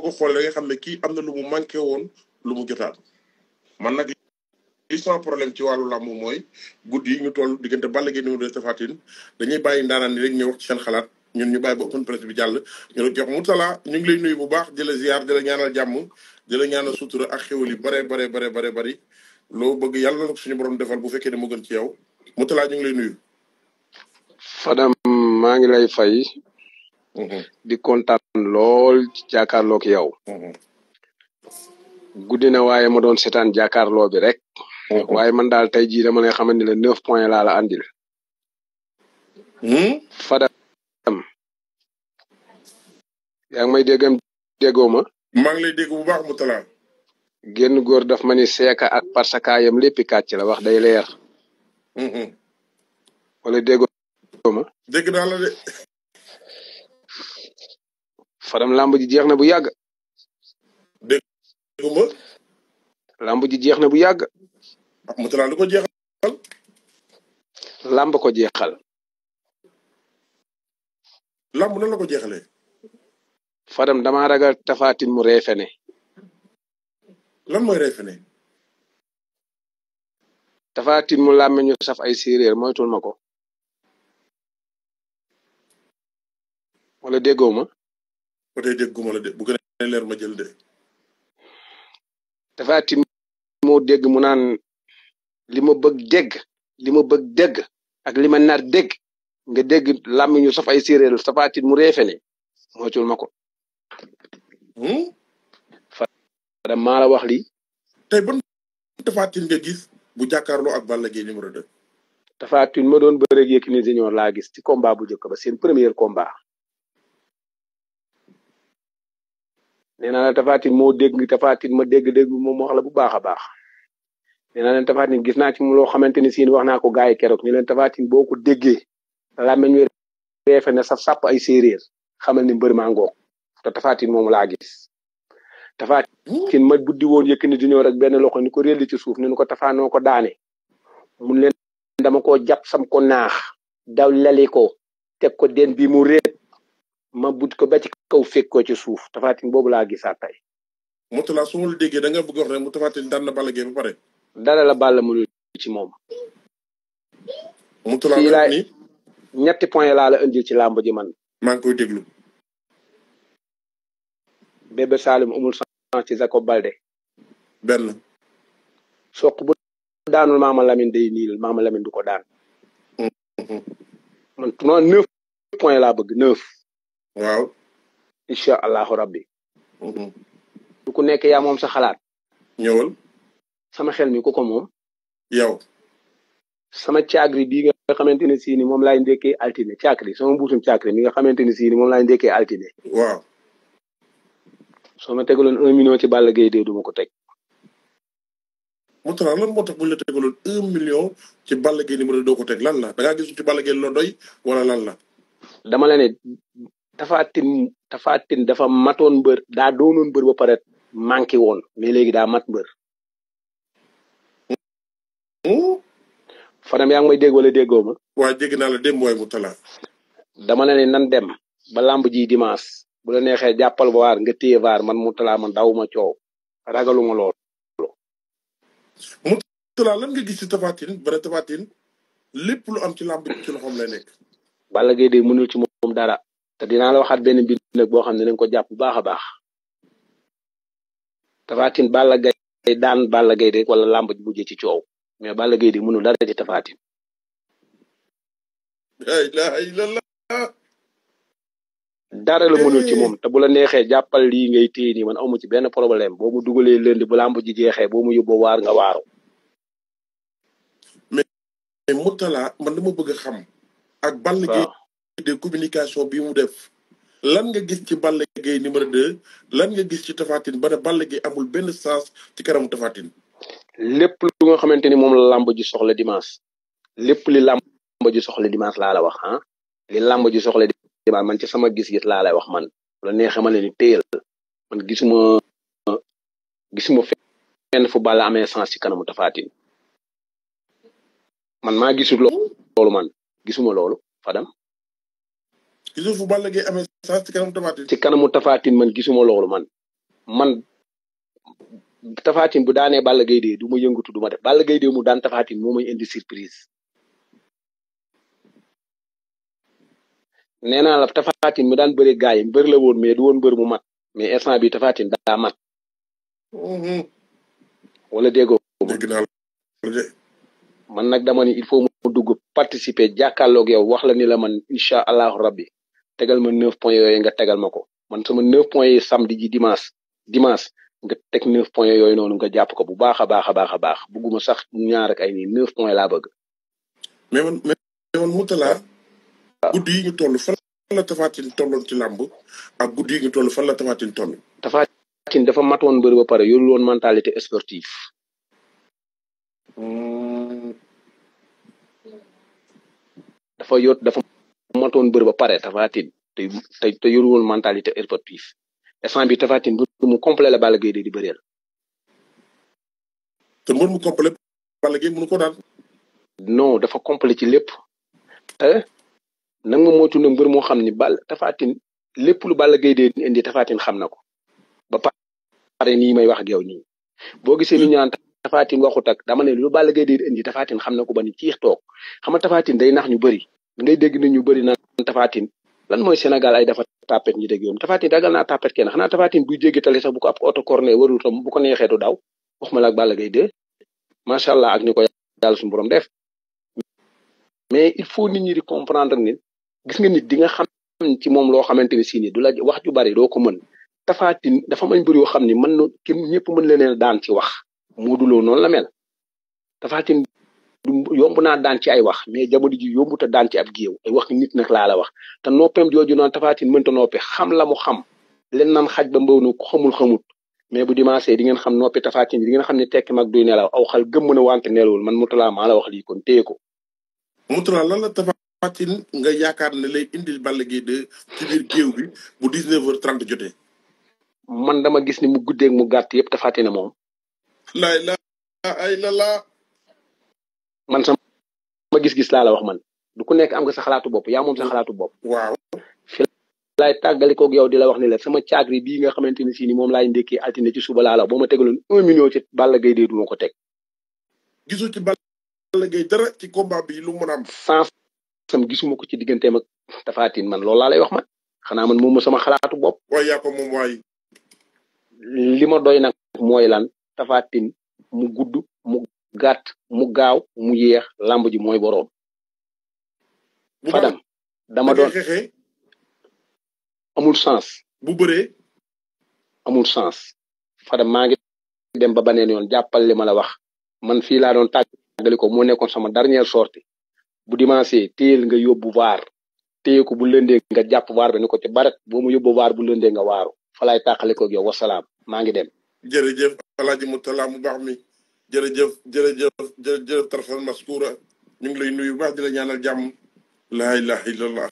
boo xoolee da nga xam ne kii am na lu mu manqué woon lumu mu man nag li sans problème ci wàllu làmb mooy guddi yi ñu toll diggante ba Gaye numéro 2 Tapha Tine dañuy bàyyi ndaanaan ni rek ñu wax ci seen xalaat ñun ñu bàyyi ba open presse bi jàll ñu la mu Mourtalla ñu ngi lay nuyu bu baax di la ziar ñaanal jàmm di la ñaanal sutura ak xéwal yi bare bare bare bare bëri loo bëgg yàlla na suñu borom defal bu fekkee ne mu gën ci yow Mourtalla ñu ngi lay nuyu. Fadam maa ngi lay fay Mhm. di kontaan lool ci jàkkaarloog yow. Mhm. guddi na waaye ma doon seetaan jàkkaarloo bi rek. Mhm. waaye man daal tey jii ma lay xamante ne la neuf point laa la andil. Hmm? Fadam. yaa ngi may déggam déggoo ma. maa ngi lay dégg bu baax mu talaan. génn góor daf ma ni seeka ak parce que yam léppi kàcc la wax day leer. wala déggoo ma. dégg de. Fadam lamb ji jeex na bu yàgg. dégguma. lamb ji jeex na bu yàgg. ah ko jeexal. lamb ko jeexal. lamb nan la ko Fadam damaa ragal tafaatin mu reefene. lan mooy reefene. tafaatin mu làmme ñu saf ay séeréer moytul ma ko. wala déggoo ba tey dégg ma la de bu gën ma jël de. dafa moo dégg mu naan li ma bëgg dégg li ma bëgg dégg ak li ma nar dégg nga dégg làmmiñu saf ay séeréer safaatin mu réefene moytul ma ko. Hmm? Fada maa la wax lii. tey ban tafaatin nga gis bu jàkkaarloo ak Balla Gaye numéro 2. tafaatin ma doon bëreeg Yékini Junior laa gis ci combat bu njëkk ba seen premier combat. nee naa la moo dégg Tapha ma dégg-dégg moom wax la bu baax a baax nee naa leen Tapha Tine gis naa ci loo xamante ni siin wax naa ko gars yi keroog ni leen Tapha Tine boo ko déggee làmmeñ wi reefe na saf sàpp ay séeréer xamal ni mbër maa ngoog te Tapha Tine laa gis Tapha Tine ma buddi woon Yékini Junior rek benn loxo ni ko réel ci suuf ni ko Tapha ko daane mun leen dama ko jàpp sam ko naax daw lali ko ko den bi mu réet ma but ko ba kaw fekk ko ci suuf tafaatin boobu laa gisaat tey. Mourtalla su ma la déggee da nga bëgg wax rek mu tafaatin daan na Balla Gaye ba pare. dara la Balla mënul ci moom. Mourtalla fii laa ñetti point laa la indil ci làmb ji man. maa ngi koy déglu. Bébé Saloum amul chance ci Jacob Balde. benn. soq bu daanul Maama Lamine du ko daan. Mm-hmm. man non neuf point laa bëgg neuf. waaw. incha allahu rabbi mhm. du ku nekk yaa moom sa xalaat. ñëwal. sama xel mi ku ko moom. yow. sama caagri bii nga xamante ne sii moom lay ndekkee altine caagri sama mbuusum caagri mi nga xamante ne sii ni moom laay ndekkee altine. waaw. soo ma tegaloon un ci Balla Gaye dee ma ko teg. moo tax lan moo tax bu ñu la tegaloon un ci Balla Gaye numéro doo ko teg lan la da ngaa ci Balla Gaye loo wala lan la. dama la ne tafaatin tafaatin dafa matoon mbër daa doonoon mbër ba pare manqué woon mais léegi daa mat mbër fanam yaa ngi may dégg wala déggoo ma waaw dégg naa la dem waay mu talaa dama ne ne nan dem ba làmb ji dimanche bu la neexee jàppal ba waar nga téye waar man mu talaa man dawuma coow ragaluma lool mu talaa lan nga gis ci tafaatin bare tafaatin lépp lu am ci làmb ci loxoom lay nekk Balla Gaye de mënul ci moom dara te la waxaat benn mbir nag boo xam ne nañ ko jàpp bu baax a baax tafaatin Balla Gaye daan Balla gay de wala làmb ji mujjee ci coow mais Balla Gaye de mënul dara ci tafaatin la ilaha dara la mënul ci moom te bula la neexee jàppal lii ngay téye nii man amu ci benn problème boo mu dugalee lënd bu làmb ji jeexee boo mu yóbboo waar nga waaru mais Mourtalla man dama bëgg a xam ak Balla Gaye de communication bi mu def lan nga gis ci Balla Gaye numéro 2 lan nga gis ci Tapha ba ne Balla Gaye amul benn sens ci kanamu Tapha lépp lu xamante ni moom la làmb ji soxla dimanche lépp li làmb ji soxla dimanche laa la wax ah li làmb ji soxla dimanche man ci sama gis-gis laa lay wax man la neexee ma leen ni téyal man gisuma gisuma fenn fu Balla amee sens ci kanamu Tapha Tine man maa gisul loolu man gisuma loolu Fadam. gisul Balla Gaye amee ci kanamu tafaatin man gisuma loolu man man Tapha bu daanee Balla Gaye du ma yëngatu du ma def Balla mu daan Tapha Tine indi surprise. nee naa la tafaatin Tine mu daan bëri gars yi mbër la woon mais du woon mbër mu mat mais instant bi Tapha Tine daa mat. Mm-hmm. wala déggoo. man nag dama il faut mu dugg participer jàkkaarloog yow wax la ni la man incha allahu rabbi tegal ma neuf points yooyu nga tegal ma ko man sama neuf points yi samedi ji dimanche dimanche nga teg neuf points yooyu noonu nga jàpp ko bu baax a baax a baax a baax bugguma sax ñaar ak ay nii neuf points laa bëgg. mais man mais man Moutala. waaw ah. guddi yi ñu toll fan la Tafatine tolloon ci làmb a guddi yi ñu toll fan la Tafatine toll. Tafatine dafa mat woon bëri ba pare yorul woon mentalité sportive. Hmm. dafa yot dafa matoon bëri ba pare tafaatin te te te yoruwul mentalité sportive instant bi tafaatin mbër mu complet la Balla Gaye di bëreel. te mu complet Balla Gaye mënu ko daan. non dafa complet ci lépp te nag ma moytu ne mbër moo xam ni bal tafaatin lépp lu Balla Gaye di indi tafaatin xam na ko ba pare may wax ak yow nii boo gisee ñu ñaan tafaatin waxut ak dama ne lu Balla Gaye indi tafaatin xam na ko ba ni ciix toog xam nga tafaatin day nax ñu bëri. ngay dégg na ñu bëri na tafatin lan mooy sénégal ay dafa tapet ñi dégg yoon tafatin dagal naa tapet kenn xanaa tafatin buy jéggi tali sax bu ko ab auto corné warul tam bu ko neexee du daw waxuma la ak bàll gay dee macha allah ak ni ko yàlla suñu borom def mais il faut nit ñi di comprendre ni gis nga nit di nga xam ci moom loo xamante ne si ni du la wax ju bari doo ko mën tafatin dafa mañ bëri yoo xam ni mën na ñëpp mën leneen daan ci wax mooduloo noonu la mel tafatin yomb naa daan ci ay wax mais jamono ji yombut a daan ci ab géew ay wax nit nag laa la wax te noppem jooju noonu tafaatin mënta noppi xam la mu xam len xaj ba mbaw na ko xamul xamut mais bu dimanche di ngeen xam noppi tafaatin di ngeen xam ne tekki mag duy nelaw aw xal gëmm na wante nelawul man Mourtalla maa la wax lii kon téye ko. Mourtalla lan la nga yaakaar ne lay indil Balla Gaye 2 ci biir géew bi bu 19h30 jotee. man dama gis ni mu guddeeg mu gàtt yëpp tafaatina moom. man sama ma gis-gis la la wax man du ku nek am nga sa xalaatu bop ya mom sa xalaatu bop waaw fi ak yow di la wax ni la sama tiagri bi nga xamanteni si ni mom lay ndékkee altiné ci suba la la boma ma 1 million ci Balla gay du ko ci Balla gay dara ci combat bi lu mu am. sans sam gisumako ci ak man loolu la lay wax man xana man moom sama xalaatu bop waaye ya ko mom way lima doy nak moy lan mu gudd mu gàtt mu gaaw mu yéex làmb ji mooy boroom fadam dama doon amul sens bu bëre amul sens fadam maa ngi dem ba baneen yoon jàppal li ma la wax man fii laa doon tàggali ko moo nekkoon sama dernière sortie bu dimanche téel nga yóbbu waar téye ko bu lëndee nga jàpp waar bi ni ko ci baret boo ma yóbbu waar bu lëndee nga waaru falaay tàqale ko yow maa ngi dem jërëjëf alaaji Mutalla mu baax mi jërëjëf jërëjëf jërëjëf tarfan maskuura ñu ngi lay nuyu baax di la ñaanal jàmm laa ilaha illallah